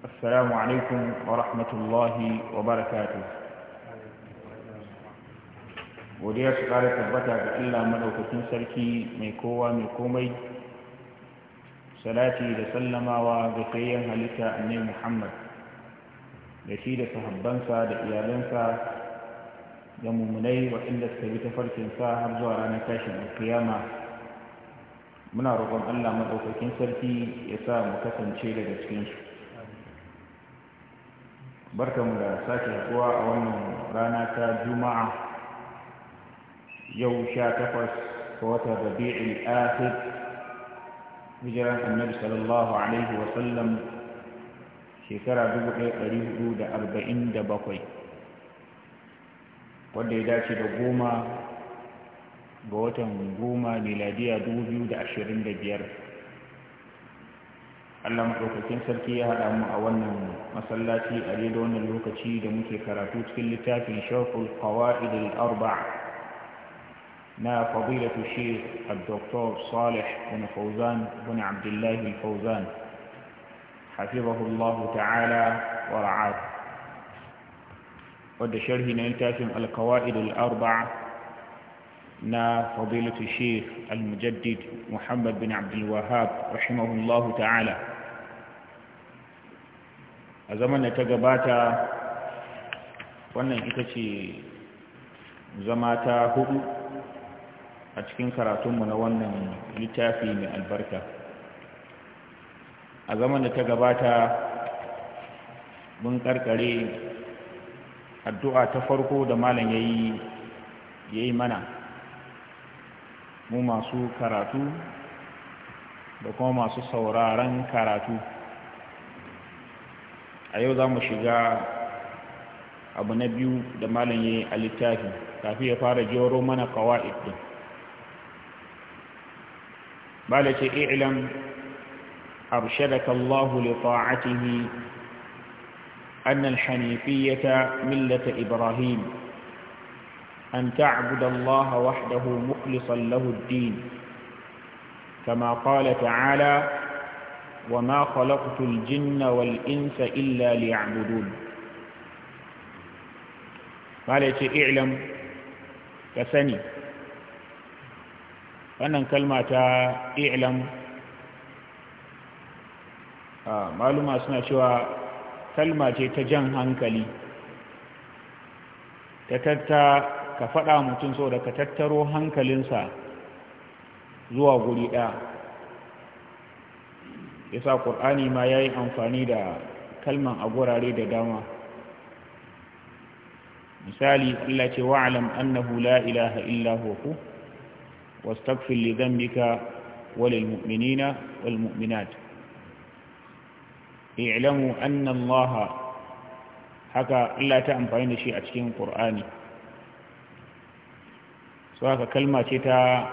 السلام عليكم ورحمة الله وبركاته godiya su ƙara tabbata ga Allah maɗaukakin sarki mai kowa mai komai salati da sallamawa ga kayan halitta ne Muhammad da shi da sahabbansa da iyalansa da mummunai waɗanda suka bi tafarkinsa har zuwa ranar tashin kiyama. muna roƙon Allah maɗaukakin sarki ya sa mu kasance daga cikin shi. barkamu da sake haɗuwa a wannan rana ta juma'a yau sha takwas ga watan rabi'ul akhir hijiran annabi sallallahu alaihi wa sallam shekara dubu ɗaya ɗari hudu da arba'in da bakwai wanda ya dace da goma ga watan goma miladiya dubu biyu da ashirin da biyar Allah maɗaukakin sarki ya haɗa mu a wannan masallaci a daidai wannan lokaci da muke karatu cikin littafin shafin qawaid al-arba na fadilatu shaykh al-doktor salih bin fawzan bin abdullahi al-fawzan hafizahu Allah ta'ala wa ra'at wadda sharhi na littafin al-qawaid al-arba نا فضيلة الشيخ المجدد محمد بن عبد الوهاب رحمه الله تعالى a zaman da ta gabata wannan ita ce zama ta hudu a cikin karatunmu na wannan littafi mai albarka a zaman da ta gabata mun karkare addu'a ta farko da malam ya yi mana mu masu karatu da kuma masu sauraron karatu ayo yau za mu shiga abu na biyu da malam ya yi a littafi kafin ya fara jero mana kawa'id din bala ce i'lam arshadaka Allahu li ta'atihi أن الحنيفية ملة إبراهيم أن تعبد الله وحده مخلصا له الدين كما قال تعالى وما خلقت الجن والإنس إلا ليعبدون قال اعلم كسني wannan kalma ta i'lam maluma suna cewa kalma ce ta jan hankali ta ka faɗa mutum so da ka tattaro hankalinsa zuwa guri ɗaya yasa ƙur'ani ma ya yi amfani da kalman a gurare da dama misali Allah ce wa'alam annahu la ilaha illa huwa ku wastaghfir li dhanbika walil mu'minina i'lamu anna Allah haka Allah ta amfani da shi a cikin ƙur'ani so haka kalma ce ta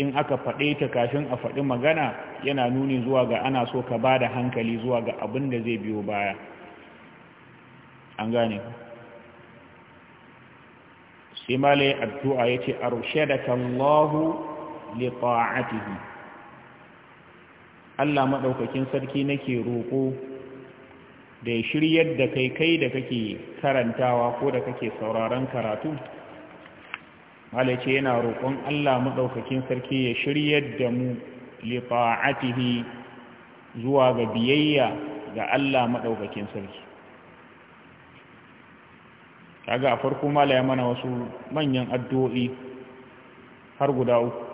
in aka faɗe ta kafin a faɗi magana yana nuni zuwa ga ana so ka ba da hankali zuwa ga abin da zai biyo baya an gane ku sai male addu'a ya ce arshadaka Allahu li Allah maɗaukakin sarki nake roƙo da ya shiryar da kai kai da kake karantawa ko da kake sauraron karatu malace yana roƙon Allah maɗaukakin sarki ya shirya da mu lifa'atihi zuwa ga biyayya ga Allah maɗaukakin sarki kaga a farko mala ya mana wasu manyan addu'o'i har guda uku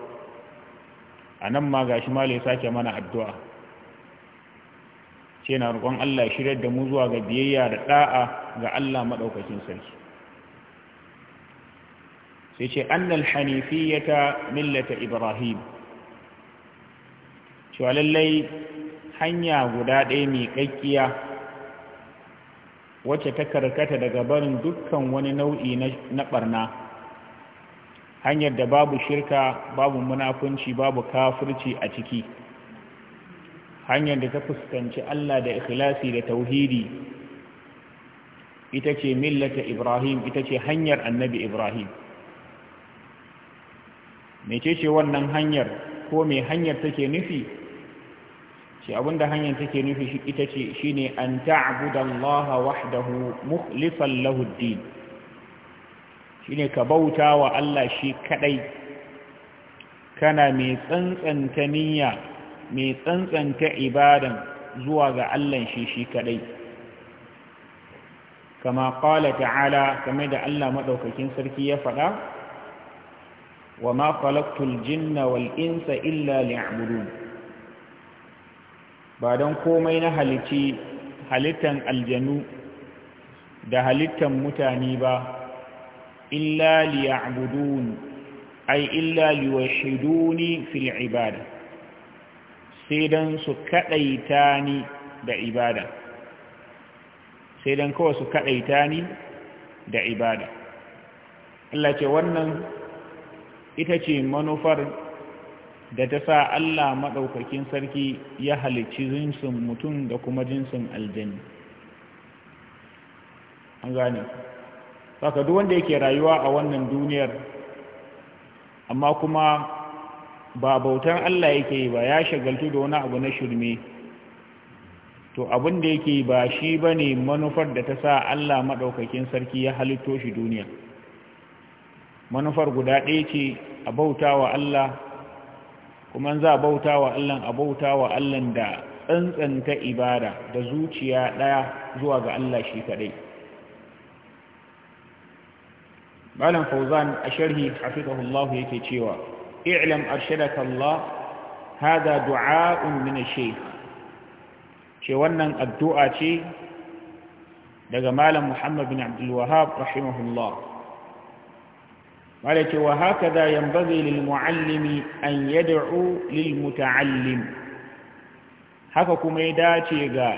a nan ma gashi mala ya sake mana addu'a ce na roƙon Allah ya shiryar da mu zuwa ga biyayya da ɗa'a ga Allah maɗaukakin sarki sai ce annal hanifiyata millata ibrahim cewa lallai hanya guda ɗaya mai ƙaƙƙiya wacce ta karkata daga barin dukkan wani nau'i na ɓarna hanyar da babu shirka babu munafunci babu kafirci a ciki hanyar da ta fuskanci Allah da ikhlasi da tauhidi ita ce millata ibrahim ita ce hanyar annabi ibrahim mecece wannan hanyar ko me hanyar take nufi shi abinda hanyar take nufi ita ce shine an ta'budu wahdahu mukhlifan Lahudin. Shi ne shine ka bauta wa Allah shi kadai kana mai tsantsanta niyya mai tsantsanta ibadan zuwa ga Allah shi shi kadai kama qala ta'ala kame da Allah madaukakin sarki ya faɗa wa ma khalaqtul jinna wal insa illa ba don komai na halici halittan aljanu da halittan mutane ba illa liya'budun ay illa liwahiduni fil ibada sai dan su kadaita ni da ibada sai dan kawai su kadaita ni da ibada Allah ce wannan ita ce manufar da ta sa Allah maɗaukakin sarki ya halicci jinsin mutum da kuma jinsin aljani an gane saka duk wanda yake rayuwa a wannan duniyar amma kuma ba bautan Allah yake yi ba ya shagaltu da wani abu na shirme to abin da yake ba shi ba ne manufar da ta sa Allah maɗaukakin sarki ya halitto shi duniya manufar guda ɗaya ce a bauta wa Allah kuma za a bauta wa Allah a bauta wa Allah da tsantsanta ibada da zuciya ɗaya zuwa ga Allah shi kaɗai malam fauzan a sharhi hafizahullahu yake cewa i'lam arshadaka Allah hada du'a'un min ash-shaykh ce wannan addu'a ce daga malam Muhammad bin Abdul Wahhab rahimahullah malaki wa haka da yambazi lil muallimi an yad'u lil muta'allim haka kuma ya dace ga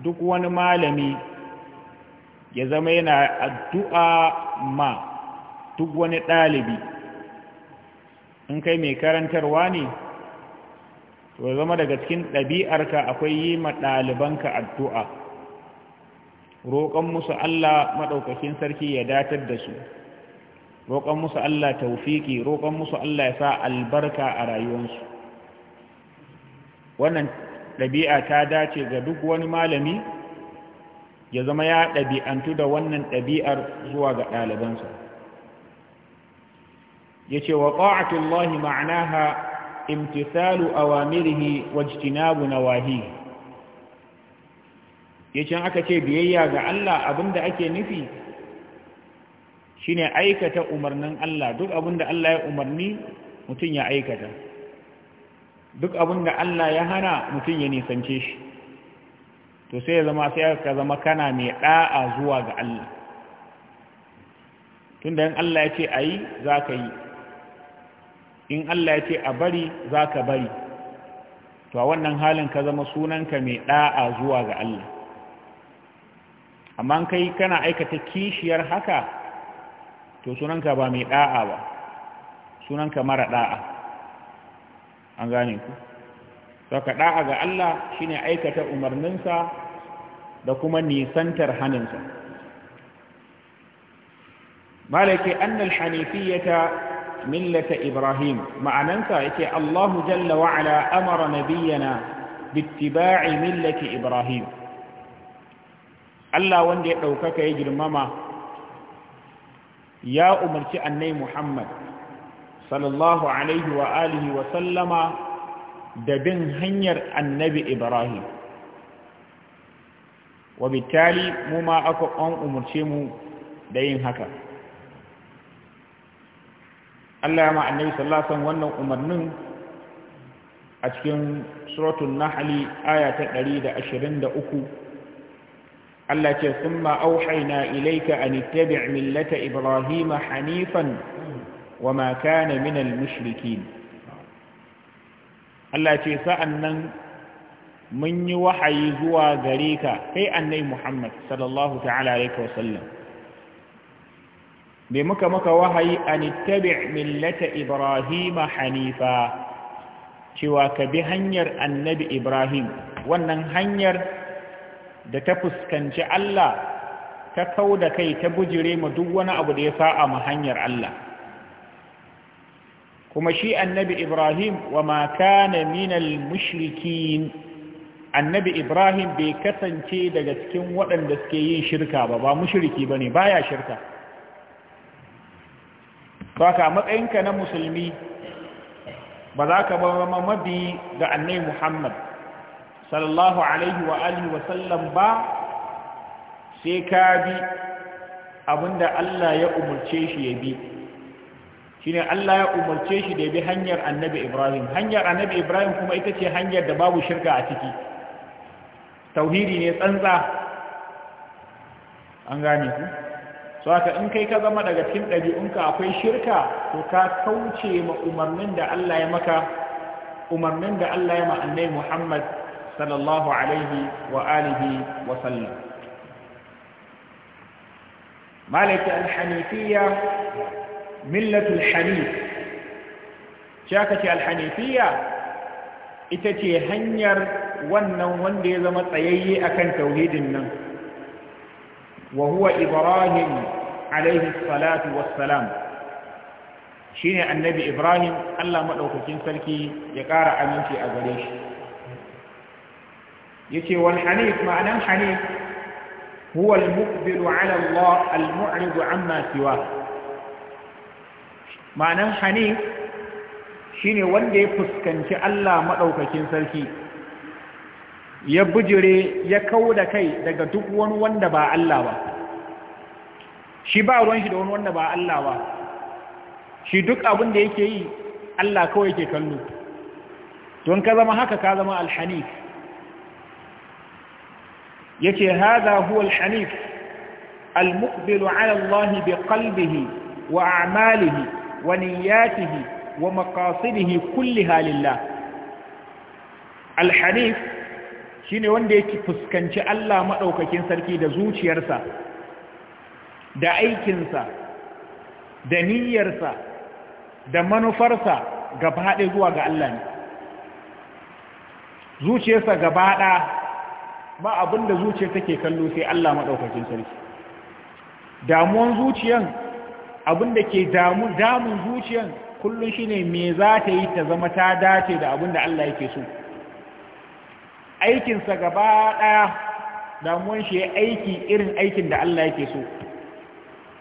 duk wani malami ya zama yana addu'a ma duk wani ɗalibi in kai mai karantarwa ne to zama daga cikin ɗabi'arka akwai yi ma ɗalibanka addu'a roƙon musu Allah maɗaukakin sarki ya datar da su roƙon musu Allah taufiki roƙon musu Allah ya sa albarka a rayuwarsu wannan ɗabi'a ta dace ga duk wani malami ya zama ya ɗabi'antu da wannan ɗabi'ar zuwa ga ɗalibansa ya ce wa ma'ana ma'anaha imtisalu awamirihi wa jitinabu wahi. ya ce aka ce biyayya ga Allah abinda ake nufi shine aikata umarnin Allah duk abinda Allah ya umarni mutum ya aikata duk abinda Allah ya hana mutum ya nisance shi to sai ya zama sai ka zama kana mai da'a zuwa ga Allah tunda in Allah ya ce a yi, za ka yi in Allah ya ce a bari za ka bari to a wannan halin ka zama sunanka mai da'a zuwa ga Allah amma kai kana aikata kishiyar haka to sunanka ba mai da'a ba sunanka mara da'a an gane ku saka da'a ga Allah shine aikata umarninsa da kuma nisantar haninsa malaki annal hanifiyata millata ibrahim ma'ananta yake Allahu jalla wa ala amara nabiyyana bittiba'i millaki ibrahim Allah wanda ya ɗaukaka ya girmama ya umarci annai Muhammad sallallahu alaihi wa alihi wa sallama da bin hanyar annabi Ibrahim wa bitali mu ma aka an umarce mu da yin haka Allah ya ma annabi sallallahu alaihi wannan umarnin a cikin na hali aya ta 123 الله كي ثم أوحينا إليك أن اتبع ملة إبراهيم حنيفا وما كان من المشركين الله كي سأنن من يوحي زوا غريكا أي أني محمد صلى الله تعالى عليه وسلم بمك مك وحي أن اتبع ملة إبراهيم حنيفا كي واك بهنير النبي إبراهيم وأنن هنير da ta fuskanci Allah ta kau da kai ta bujire ma duk wani abu da ya sa'a ma hanyar Allah kuma shi annabi Ibrahim wa ma kana minal mushrikin annabi Ibrahim bai kasance daga cikin waɗanda suke yin shirka ba ba mushriki bane baya shirka baka matsayinka na musulmi ba za ka ba mabi ga annabi Muhammad sallallahu alaihi wa alihi wa sallam ba sai ka bi abinda Allah ya umarce shi ya bi shine Allah ya umarce shi da ya bi hanyar Annabi Ibrahim hanyar Annabi Ibrahim kuma ita ce hanyar da babu shirka a ciki tauhidi ne tsantsa an gane ku so haka in kai ka zama daga cikin ɗabi'unka akwai shirka to ka kauce ma umarnin da Allah ya maka umarnin da Allah ya ma annabi Muhammad sallallahu alaihi wa alihi wa sallam malaki alhanifiyya millatul hanif shaka itace ita ce hanyar wannan wanda ya zama tsayayye a kan tauhidin nan wa huwa ibrahim alaihi salatu wassalam shine annabi ibrahim Allah madaukakin sarki ya ƙara aminci a gare shi yace wal hanif ma'anan hanif huwa al muqbilu ala Allah al mu'rid amma siwa ma'anan hanif shine wanda ya fuskanci Allah madaukakin sarki ya bujire ya kauda kai daga duk wani wanda ba Allah ba shi ba ruwan shi da wani wanda ba Allah ba shi duk abin da yake yi Allah kawai yake kallo don ka zama haka ka zama alhanif yace haza huwal hanif al-muqbilu ala Allah bi qalbihi wa a'malihi wa niyyatihi wa maqasidihi kulliha lillah al-hanif shine wanda yake fuskanci Allah madaukakin sarki da zuciyarsa da aikinsa da niyyarsa da manufarsa gaba ɗaya zuwa ga Allah ne zuciyarsa gaba ɗaya ba abin da zuciyar take kallo sai Allah maɗaukakin sarki damuwan zuciyan abin da ke damun zuciyan kullum shine me za ta yi ta zama ta dace da abin da Allah yake so aikinsa gaba ɗaya damuwan shi ya aiki irin aikin da Allah yake so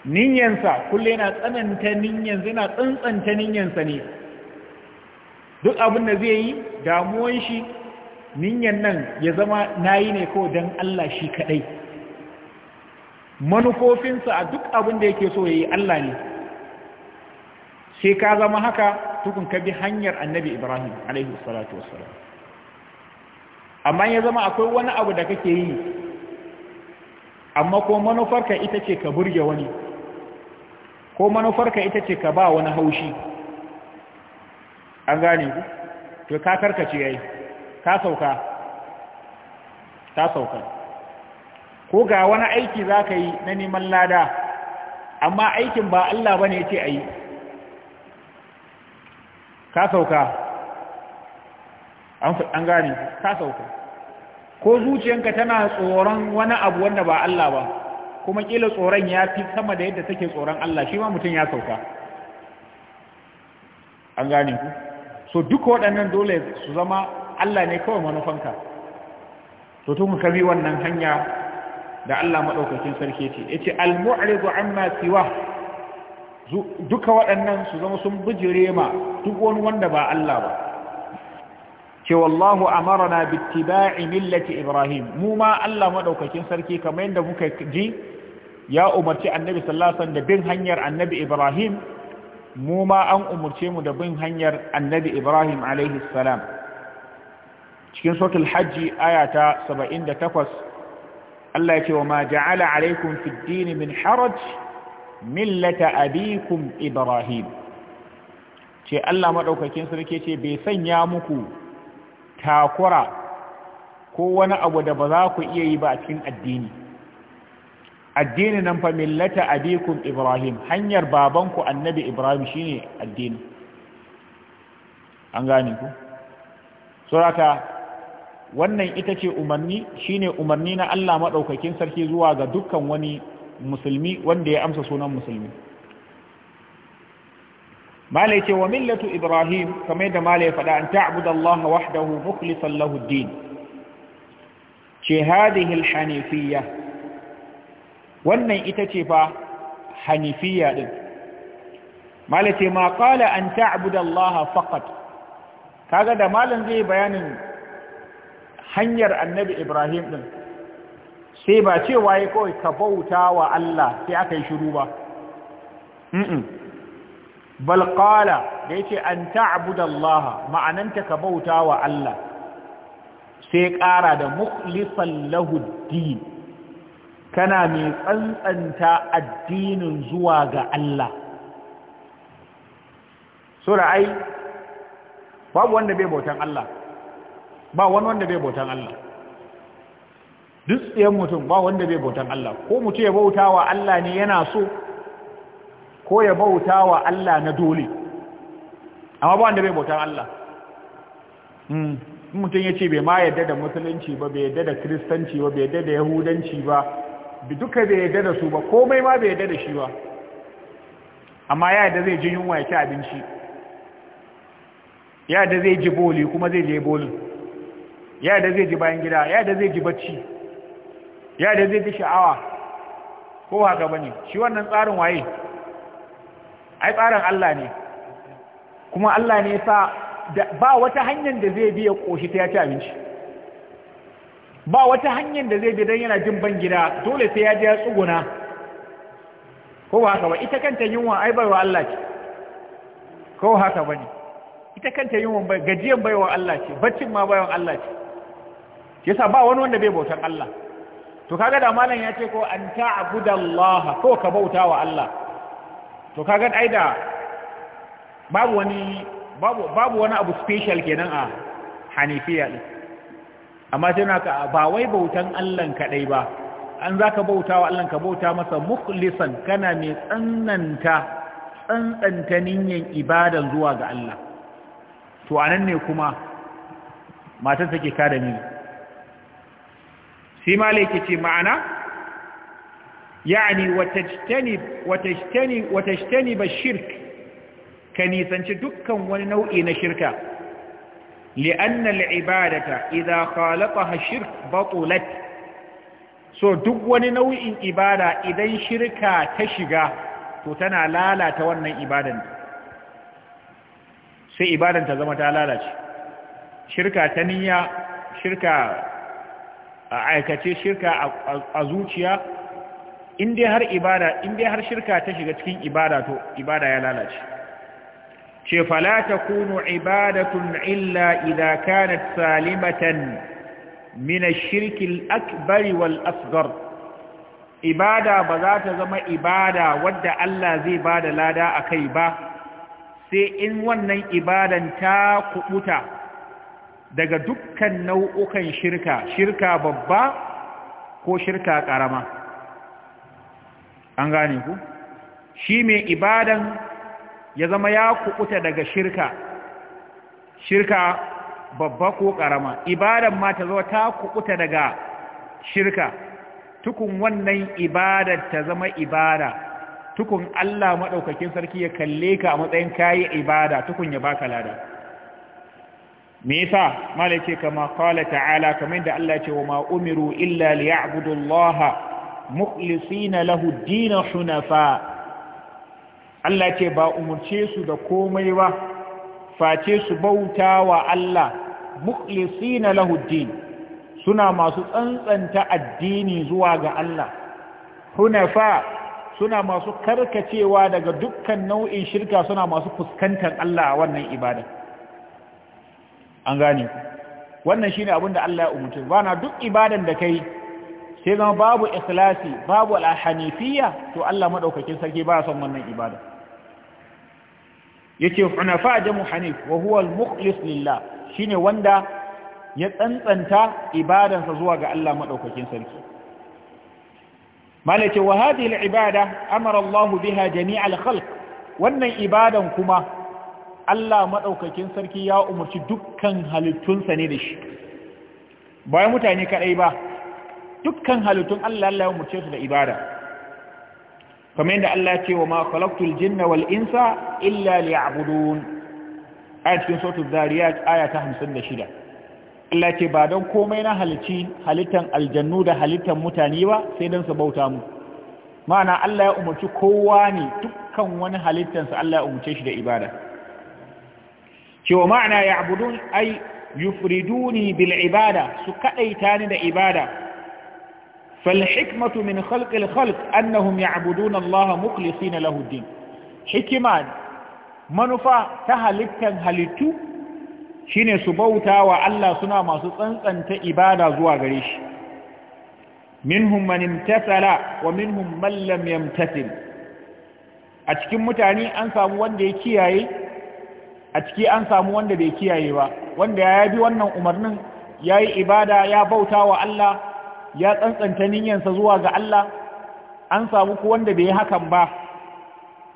Ninyansa, kullum yana tsananta ninyan yana tsantsanta ninyansa ne duk abin da zai yi damuwan shi ninyan nan ya zama nayi ne ko don Allah shi kaɗai. manufofinsa a duk abin da yake so ya yi Allah ne sai ka zama haka tukun ka bi hanyar annabi Ibrahim alaihi salatu as-salam. amma ya zama akwai wani abu da kake yi amma ko manufarka ita ce ka burge wani ko manufarka ita ce ka ba wani haushi an gane ku to ka karkace yi. ta sauka ta sauka ko ga wani aiki za ka yi na neman lada amma aikin ba Allah ba ne ce a yi ka sauka an gane ka sauka ko zuciyanka tana tsoron wani abu wanda ba Allah ba kuma kila tsoron ya fi sama da yadda take tsoron Allah shi ma mutum ya sauka an gane ku so duk waɗannan dole su zama Allah ne kawai manufanka to tun ka bi wannan hanya da Allah maɗaukakin sarki ce yace al-mu'ridu amma siwa duka waɗannan su zama sun bijire ma duk wani wanda ba Allah ba ce wallahu amarna bittiba'i millati ibrahim mu ma Allah maɗaukakin sarki kamar yadda muka ji ya umarci annabi sallallahu alaihi wasallam da bin hanyar annabi ibrahim mu ma an umarce mu da bin hanyar annabi ibrahim alaihi salam cikin sautul hajji aya ta 78 Allah ya ce wa ma ja'ala alaikum fid dini min haraj millata abikum ibrahim ce Allah madaukakin sarki ce bai sanya muku takura ko wani abu da ba za ku iya yi ba a cikin addini addini nan fa millata abikum ibrahim hanyar babanku annabi ibrahim shine addini an gane ku surata wannan ita ce umarni shine umarni na Allah maɗaukakin sarki zuwa ga dukkan wani musulmi wanda ya amsa sunan musulmi malai ce wa millatu ibrahim kamar da malai faɗa an ta'budu Allah wahdahu mukhlishan lahu din ce hadhihi al-hanifiyya wannan ita ce fa hanifiyya din malai ce ma qala an ta'budu Allah faqat kaga da malam zai bayanin hanyar annabi ibrahim ɗin sai ba cewa ya kawai ka bauta wa Allah sai aka yi shiru ba balƙala da ya ce an ta'abudallaha ma'ananta ka bauta wa Allah sai ƙara da mukhlisan lahuddin kana mai tsantsanta addinin zuwa ga Allah sura ai babu wanda bai bautan Allah ba wani wanda bai bautan Allah duk tsayen mutum ba wanda bai bautan Allah ko mutum ya bauta wa Allah ne yana so ko ya bauta wa Allah na dole amma ba wanda bai bautan Allah hmm. mutum ya ce bai ma yadda da musulunci ba bai yadda da kiristanci ba bai yadda da yahudanci ba duka bai yadda da su ba komai ma bai yadda da shi ba amma ya yadda zai ji yunwa ya ci abinci ya yadda zai ji boli kuma zai je bolin ya da zai ji bayan gida ya da zai ji bacci ya da zai ji sha'awa ko haka bane shi wannan tsarin waye ai tsarin Allah ne kuma Allah ne sa ba wata hanyar da zai bi ya koshi ta ya ci abinci ba wata hanyar da zai bi don yana jin ban gida dole sai ya ji ya tsuguna ko haka ba ita kanta yunwa ai baiwa Allah ce ko haka bane ita kanta yunwa gajiyan baiwa Allah ce baccin ma baiwa Allah ce kisa ba wani wanda bai bautan Allah to kaga da malam ya ce ko an ta'budallaha ko ka bauta wa Allah to kaga ai da babu wani babu babu wani abu special kenan a hanifiya din amma sai naka ba wai bautan Allah kadai ba an zaka bauta wa Allah ka bauta masa mukhlisan kana mai tsananta tsantsanta niyyar ibadan zuwa ga Allah to anan ne kuma matar take kada ni sai ma ce ma'ana yani watajtani ba shirk ka nisanci dukkan wani nau'i na shirka li'anna al'ibadata idza khalaqaha shirk batulat so duk wani nau'in ibada idan shirka ta shiga to tana lalata wannan ibadan sai ibadan ta zama ta lalace shirka ta niyya shirka a aikace shirka a zuciya in dai har ibada in dai har shirka ta shiga cikin ibada to ibada ya lalace ce fala takunu ibadatun illa idza kanat salimatan min ash-shirk al-akbar wal-asghar ibada ba za ta zama ibada wadda Allah zai bada lada akai ba sai in wannan ibadan ta kubuta daga dukkan nau'ukan shirka shirka babba ko shirka ƙarama an gane ku shi mai ibadan ya zama ya kukuta daga shirka shirka babba ko ƙarama ibadan ma ta zo ta kuɓuta daga shirka tukun wannan ibadar ta zama ibada tukun Allah maɗaukakin sarki ya kalle ka a matsayin kayi ibada tukun ya baka lada me yasa malai ce kama qala ta'ala kamar da Allah ce wa ma umiru illa liya'budu Allah mukhlisina lahu din hunafa Allah ce ba umurce su da komai ba face su bauta wa Allah mukhlisina lahu din suna masu tsantsanta addini zuwa ga Allah hunafa suna masu karkacewa daga dukkan nau'in shirka suna masu fuskantar Allah a wannan ibada an gane ku wannan shine abin da Allah ya umurce bana duk ibadan da kai sai zama babu ikhlasi babu al-hanifiyya to Allah madaukakin sarki ba son wannan ibada yace hunafa jamu hanif wa huwa al-mukhlis lillah shine wanda ya tsantsanta ibadarsa zuwa ga Allah madaukakin sarki malaka wa hadhihi al-ibada amara Allah biha jami'al al-khalq wannan ibadan kuma Allah maɗaukakin sarki ya umarci dukkan halittunsa ne da shi bayan mutane kaɗai ba dukkan halittun Allah Allah ya umarce su da ibada kamar yadda Allah ya ce wa ma kwalaktul jinna wal insa illa liya'budun ayat cikin suratul zariya aya ta hamsin shida. Allah ce ba don komai na halici halittan aljannu da halittan mutane ba sai don su bauta mu ma'ana Allah ya umarci kowa ne dukkan wani halittansa Allah ya umarce shi da ibada cewa ma'ana ya abudun ai yufriduni bil ibada su kaɗaita ni da ibada falhikmatu min khalqil khalq annahum ya'budun Allah mukhlisina na din hikima manufa ta halittan halittu shine su bauta wa Allah suna masu tsantsanta ibada zuwa gare shi minhum man imtathala wa minhum man lam yamtathil a cikin mutane an samu wanda ya kiyaye a ciki an samu wanda bai kiyaye ba wanda ya bi wannan umarnin ya yi ibada ya bauta wa Allah ya tsantsanta niyyarsa zuwa ga Allah an samu ku wanda bai yi hakan ba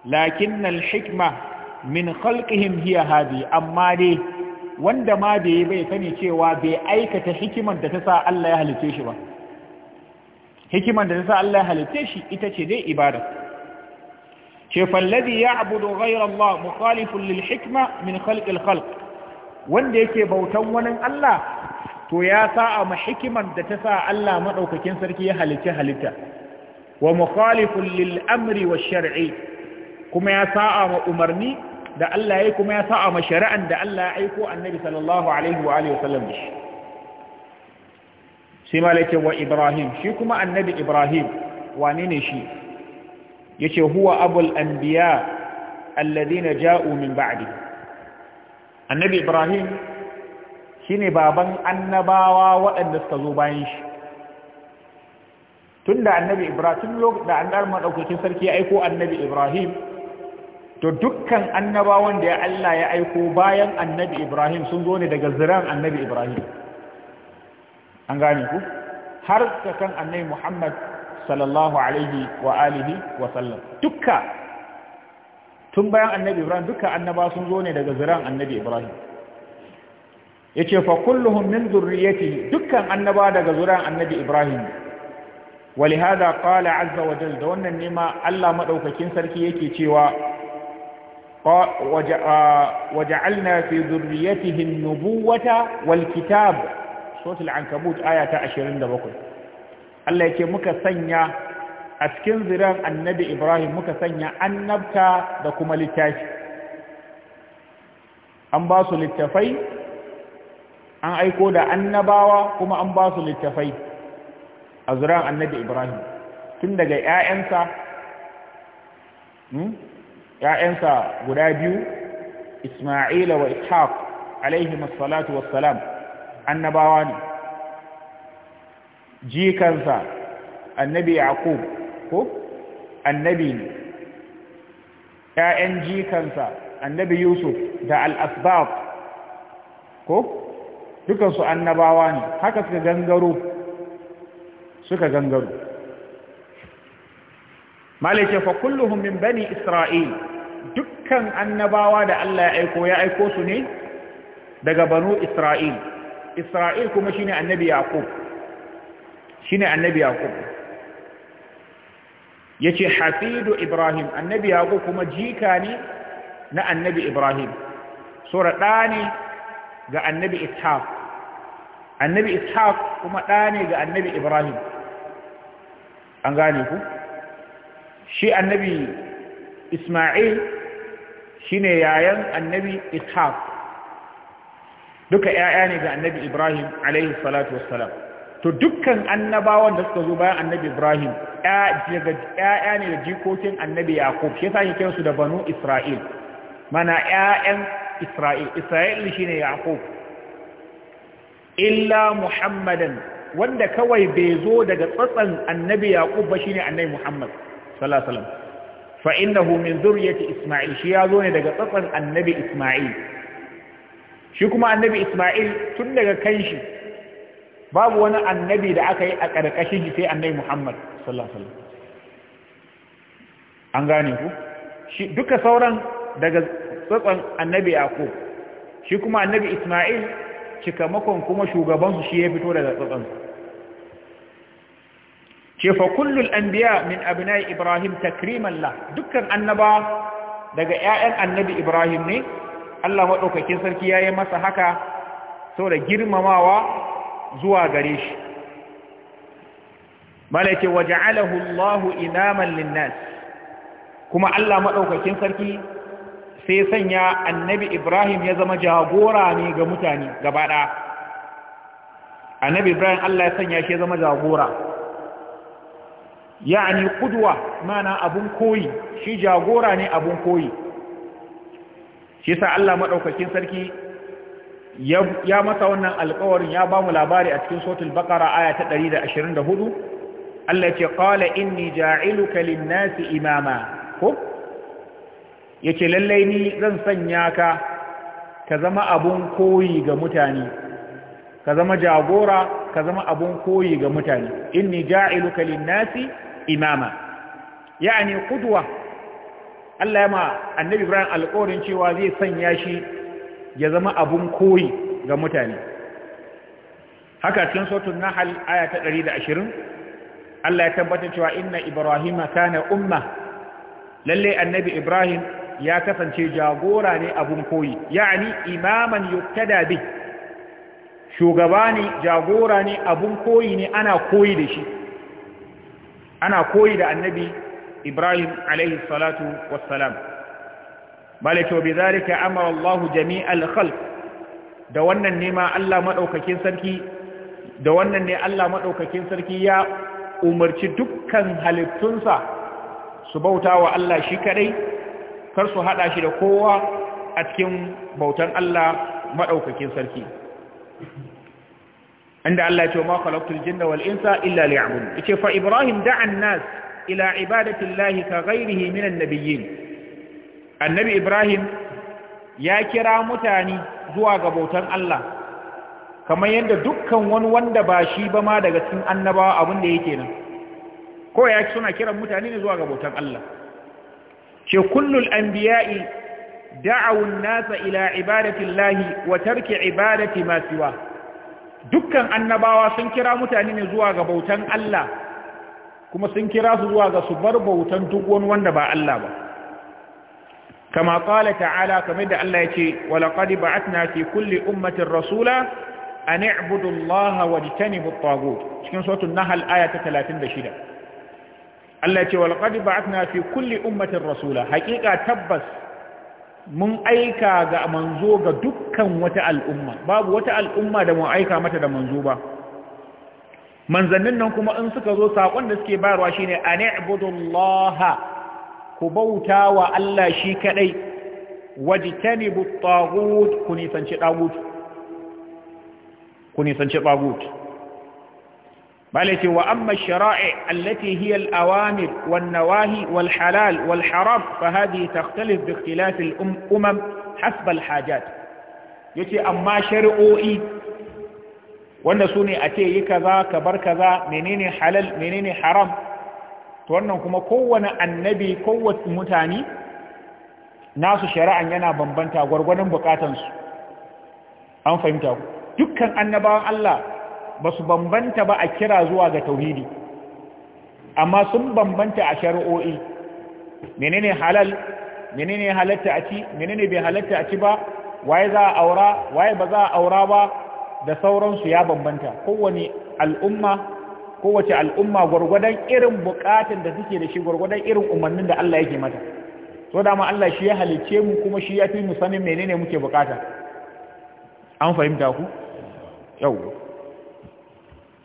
lakin nan hikma min khalqihim hiya hadi amma dai wanda ma bai yi bai sani cewa bai aikata hikiman da ta sa Allah ya halitte shi ba hikiman da ta sa Allah ya halitte shi ita ce dai ibada ce fallazi ya abudu ghayra Allah mukhalifun lil hikma min khalqil khalq wanda yake bautan wani Allah to ya sa'a ma hikiman da ta sa Allah madaukakin sarki ya halitta halitta wa mukhalifun lil amri wa shar'i kuma ya sa'a ma umarni da Allah ya kuma ya sa'a ma shari'an da Allah ya aiko annabi sallallahu alaihi wa alihi wasallam da sai wa Ibrahim shi kuma annabi Ibrahim wane ne shi yace huwa abul anbiya alladhina ja'u min ba'di annabi ibrahim shine baban annabawa waɗanda suka zo bayan shi tunda annabi ibrahim tun lokacin da annabi madaukakin sarki ya aiko annabi ibrahim to dukkan annabawan da ya Allah ya aiko bayan annabi ibrahim sun zo ne daga ziran annabi ibrahim an gane ku har kan annabi muhammad sallallahu alaihi wa alihi wa sallam dukka tun bayan annabi ibrahim dukka annaba sun zo ne daga ziran annabi ibrahim yace fa kulluhum min zurriyyatihi dukkan annaba daga ziran annabi ibrahim ولهذا قال عز وجل da wannan ne ma Allah madaukakin sarki yake cewa waja'alna fi dhurriyyatihi an-nubuwata wal kitab suratul ankabut ayata 27 Allah yake muka sanya a cikin ziran annabi Ibrahim muka sanya annabta da kuma littafi an ba su littafai an aiko da annabawa kuma an ba su littafai a ziran annabi Ibrahim tun daga ‘ya'yansa hmm, ‘ya'yansa guda biyu Ismaila wa Ishaq alaihi salatu wassalam annabawa ne jikansa annabi yaqub ko annabi ne ƴaƴan jikansa annabi yusuf da al-asbab ko dukansu annabawa ne haka suka gangaro suka gangaro malike fa kulluhum min bani isra'il dukkan annabawa da Allah ya aiko ya aiko su ne daga banu isra'il isra'il kuma shine annabi yaqub shine annabi yaqub yace hafidu ibrahim annabi yaqub kuma jika ne na annabi ibrahim sura dani ga annabi ishaq annabi ishaq kuma dani ga annabi ibrahim an gane ku shi annabi isma'il shine yayan annabi ishaq duka ƴaƴa ne ga annabi ibrahim alayhi salatu wassalam to dukkan annabawan da suka zo bayan annabi Ibrahim ‘ya'ya ne da jikokin annabi Yakub, shi sa kiran su da banu Isra'il, mana ‘ya'yan Isra'il, Isra'il shi ne Yakub, illa Muhammadan wanda kawai bai zo daga tsatsan annabi Yakub ba shi ne annabi Muhammad, salasalam, fa'innahu min zuriyati Ismail, shi ya zo ne daga tsatsan annabi Ismail, shi kuma annabi Ismail tun daga kan shi babu wani annabi da aka yi a ƙarƙashin shi sai annabi Muhammad sallallahu alaihi an gane ku shi duka sauran daga tsatson annabi Yaqub shi kuma annabi Isma'il cikamakon kuma shugaban shi ya fito daga tsatson ce kullul anbiya min abinai Ibrahim takriman la dukkan annaba daga ƴaƴan annabi Ibrahim ne Allah maɗaukakin sarki ya yi masa haka saboda girmamawa zuwa gare shi malaki waja'alahu Allahu inaman linnas kuma Allah madaukakin sarki sai sanya annabi Ibrahim ya zama jagora ne ga mutane gaba ɗaya annabi Ibrahim Allah ya sanya shi ya zama jagora yani kudwa mana abun koyi shi jagora ne abun koyi shi sa Allah madaukakin sarki ya masa wannan alƙawarin ya ba mu labari a cikin sotul bakara aya ta 124 Allah ya ce qala inni ja'iluka lin-nasi imama ko yace lallai ni zan sanya ka ka zama abun koyi ga mutane ka zama jagora ka zama abun koyi ga mutane inni ja'iluka lin-nasi imama Ya'ani qudwa Allah ya ma annabi Ibrahim alƙawarin cewa zai sanya shi ya zama abun koyi ga mutane haka cikin sautun nahal aya ta 120 Allah ya tabbatar cewa inna ibrahima kana umma lalle annabi ibrahim ya kasance jagora ne abun koyi yani imaman yuktada bi shugaba ne jagora ne abun koyi ne ana koyi da shi ana koyi da annabi ibrahim alaihi salatu wassalam malaka wa bidhalika amara Allahu jami'al khalq da wannan ne ma Allah madaukakin sarki da wannan ne Allah madaukakin sarki ya umarci dukkan halittunsa su bauta wa Allah shi kadai kar su hada shi da kowa a cikin bautan Allah madaukakin sarki inda Allah ya ce ma khalaqtul jinna wal insa illa liya'budun yace fa ibrahim da'a an-nas ila ibadati llahi ka ghairihi minan nabiyyin annabi ibrahim ya kira mutane zuwa ga bautan Allah kamar yadda dukkan wani wanda ba shi ba ma daga cikin annabawa abin da yake nan ko ya suna kiran mutane ne zuwa ga bautan Allah ce kullul anbiya'i da'awu nasa ila ibadatin Lahi, wa tarki ibadati ma dukkan annabawa sun kira mutane ne zuwa ga bautan Allah kuma sun kira su zuwa ga su bar bautan duk wani wanda ba Allah ba kama qala ta'ala kamar da Allah ya ce yace walaqad ba'atna fi kulle ummatin rasula an i'budu Allah wajtanibu at-taghut cikin suratul nahl aya ta 36 Allah ya ce yace walaqad ba'atna fi kulle ummatin rasula haqiqa tabbas mun aika ga manzo ga dukkan wata al'umma babu wata al'umma da mun aika mata da manzo ba manzannin nan kuma in suka zo sakon da suke bayarwa shine an i'budu Allah ku bauta wa Allah shi kadai wajtanibu at-taghut ku nisanci tagut ku nisanci tagut balati wa amma ash-shara'i allati hiya al-awamir wan-nawahi wal-halal wal-haram fa hadhihi takhtalif bi ikhtilaf al-umam hasb al-hajat yace amma shari'o'i wanda sune a ce yi kaza ka bar kaza menene halal menene haram wannan kuma kowane annabi kowace mutane nasu shari'an yana bambanta gwargwadon bukatansu an fahimta ku dukkan annabawan Allah ba su bambanta ba a kira zuwa ga tauhidi amma sun bambanta a shari'o'i menene halal menene halatta a ci menene bai halatta a ci ba waye za a aura waye ba za a aura ba da sauransu ya bambanta kowane al'umma kowace al'umma gwargwadon irin bukatun da suke da shi gwargwadon irin umarnin da Allah yake mata so dama Allah shi ya halice mu kuma shi ya fi mu sanin menene muke bukata an fahimta ku yau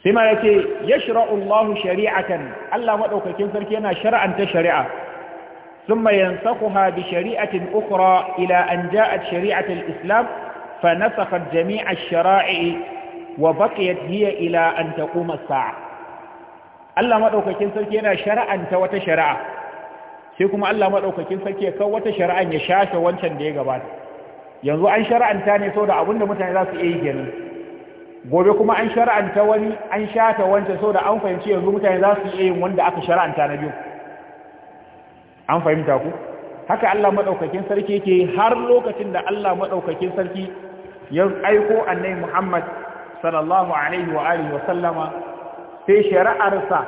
sai ma yace yashra'u Allahu shari'atan Allah madaukakin sarki yana shar'anta shari'a thumma yansakhuha bi shari'atin ukhra ila an ja'at shari'at islam fa nasakhat jami'a ash wa baqiyat hiya ila an taquma Allah maɗaukakin sarki yana shara'anta wata shari'a sai kuma Allah maɗaukakin sarki ya kawo wata shari'an ya shafe wancan da ya gabata yanzu an shara'anta ne saboda abin da mutane za su iya yi kenan gobe kuma an shara'anta wani an shafe wancan sau da an fahimci yanzu mutane za su iya yin wanda aka shara'anta na biyu an fahimta ku haka Allah maɗaukakin sarki yake har lokacin da Allah maɗaukakin sarki ya aiko annabi Muhammad sallallahu alaihi wa alihi wa sallama sai shari'arsa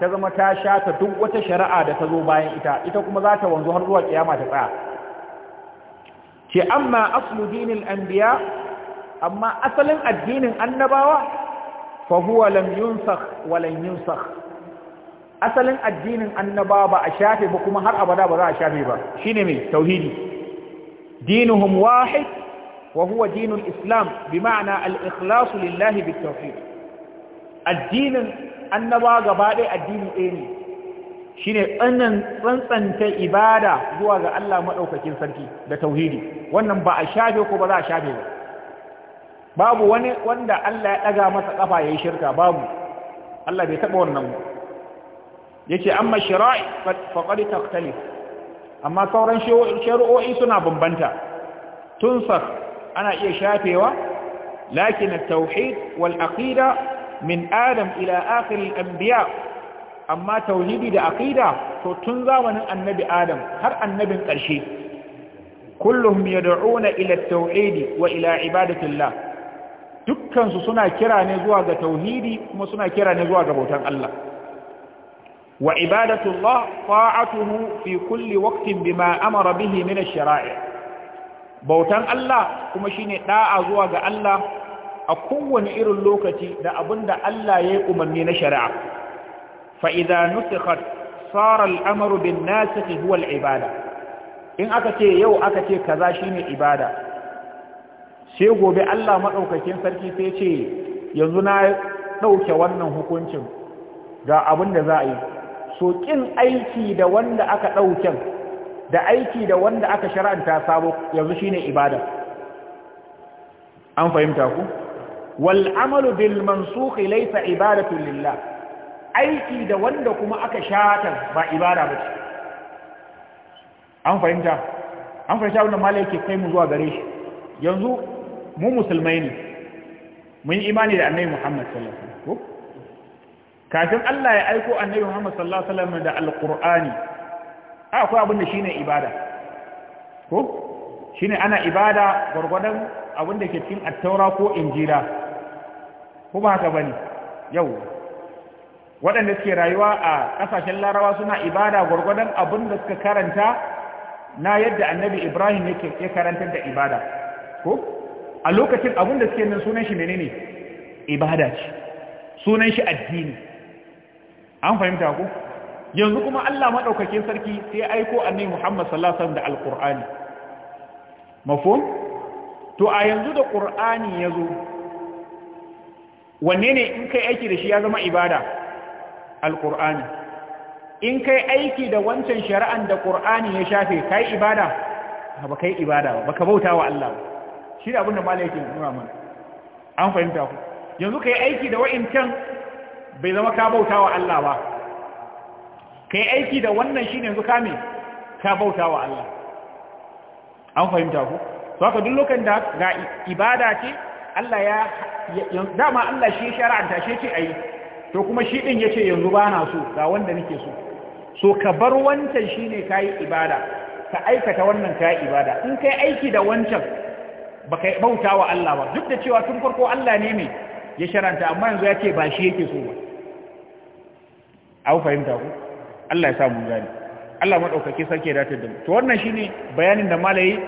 ta zama ta shata duk wata shari'a da ta zo bayan ita ita kuma za ta wanzu har zuwa kiyama ta tsaya ce amma aslu dinil anbiya amma asalin addinin annabawa fa huwa lam yunsakh wa lan yunsakh asalin addinin annabawa ba a shafe ba kuma har abada ba za a shafe ba shine mai tauhidi dinuhum wahid wa huwa dinul islam bi ma'ana al ikhlasu lillahi bit tawhid addinin annaba gaba ɗaya addini ɗaya ne shi ne tsantsanta ibada zuwa ga Allah maɗaukakin sarki da tauhidi wannan ba a shafe ko ba za a shafe ba babu wani wanda Allah ya ɗaga masa ƙafa ya yi shirka babu Allah bai taɓa wannan ya ce amma shira'i faƙari taktalif amma sauran shari'o'i suna bambanta tunsar ana iya shafewa lakin tauhid wal aqida min adam ila akhiril anbiya amma tauhidi da aqida to tun zamanin annabi adam har annabin ƙarshe kullum yad'una ila at-tauhid wa ila ibadatillah dukkan su suna kira ne zuwa ga tauhidi kuma suna kira ne zuwa ga bautan Allah wa ibadatullah ta'atuhu fi kulli waqtin bima amara bihi min ash-shara'i' bautan Allah kuma shine da'a zuwa ga Allah a kowane irin lokaci da abin da Allah ya yi umarni na shari'a fa'iza nusikhat Saral amaru bin ke zuwa ibada in aka ce yau aka ce kaza shine ibada sai gobe Allah maɗaukakin sarki sai ce yanzu na ɗauke wannan hukuncin ga abin da za a yi so ƙin aiki da wanda aka ɗauken da aiki da wanda aka shara'anta sabo yanzu shine ibada an fahimta ku? wal amalu bil mansukh laysa ibadatu lillah aiki da wanda kuma aka shatar ba ibada ba ce an fahimta an fahimta wannan malai ke kai mu zuwa gare shi yanzu mu musulmai ne mun yi imani da annabi Muhammad sallallahu alaihi wasallam kafin Allah ya aiko annabi Muhammad sallallahu alaihi wasallam da alqur'ani akwai abin da shine ibada ko shine ana ibada gurgurdan abin da ke cikin attaura ko injila ko ba haka bane yau waɗanda suke rayuwa a ƙasashen larawa suna ibada gwargwadon abin da suka karanta na yadda annabi ibrahim yake ya karantar da ibada ko a lokacin abin da suke nan sunan shi menene ibada ce sunan shi addini an fahimta ku. yanzu kuma Allah maɗaukakin sarki sai aiko annabi Muhammad sallallahu da Alƙur'ani. mafhum to a yanzu da ƙur'ani ya zo. wanne ne in kai aiki da shi ya zama ibada alqur'ani in kai aiki da wancan shari'an da qur'ani ya shafe kai ibada ba kai ibada ba baka bauta wa Allah shi da abin da malai yake nuna mana an fahimta ku yanzu kai aiki da wa'incan bai zama ka bauta wa Allah ba kai aiki da wannan shine yanzu ka me ka bauta wa Allah an fahimta ku to haka duk lokacin da ga ibada ce Allah ya dama Allah shi shara'anta shi ce ayi to kuma shi din yace yanzu ba na so ga wanda nake so so ka bar wancan shine kai ibada ka aikata wannan kai ibada in kai aiki da wancan baka bauta wa Allah ba duk da cewa tun farko Allah ne ne ya sharanta amma yanzu yace ba shi yake so ba au fahimta ku Allah ya sa mu gani Allah madaukake sarki ya datar da to wannan shine bayanin da malai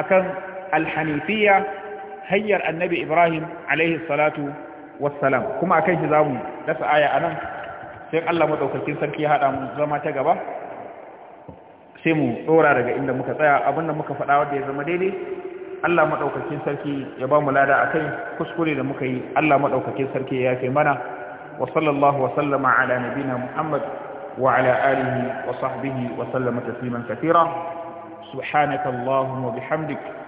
akan al-hanifiyya hanyar annabi Ibrahim alaihi salatu wassalam kuma akan shi mu dasa aya a nan sai Allah maɗaukakin sarki ya hada mu zama ta gaba sai mu ɗora daga inda muka tsaya da muka faɗa wanda ya zama daidai Allah maɗaukakin sarki ya ba mu lada akai kuskure da muka yi Allah maɗaukakin sarki ya yafe mana wa sallallahu wa sallama ala nabina Muhammad wa ala alihi wa sahbihi wa sallama tasliman kathira subhanakallahumma wa bihamdika